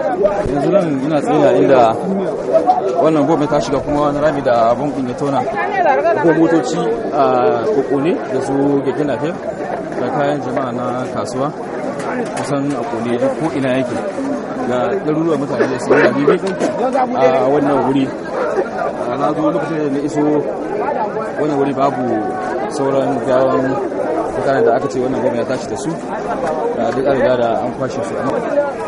yanzu nan ina tsaye inda wannan gobe ta shiga kuma wani rami da abun ɗin tona ko motoci a kokone da su na nafe da kayan jama'a na kasuwa kusan a kone ko ina yake ga ɗaruruwan mutane da su yi bibi a wannan wuri a zo lokacin da na iso wannan wuri babu sauran gawan mutanen da aka ce wannan gobe ya tashi da su da duk an da an kwashe su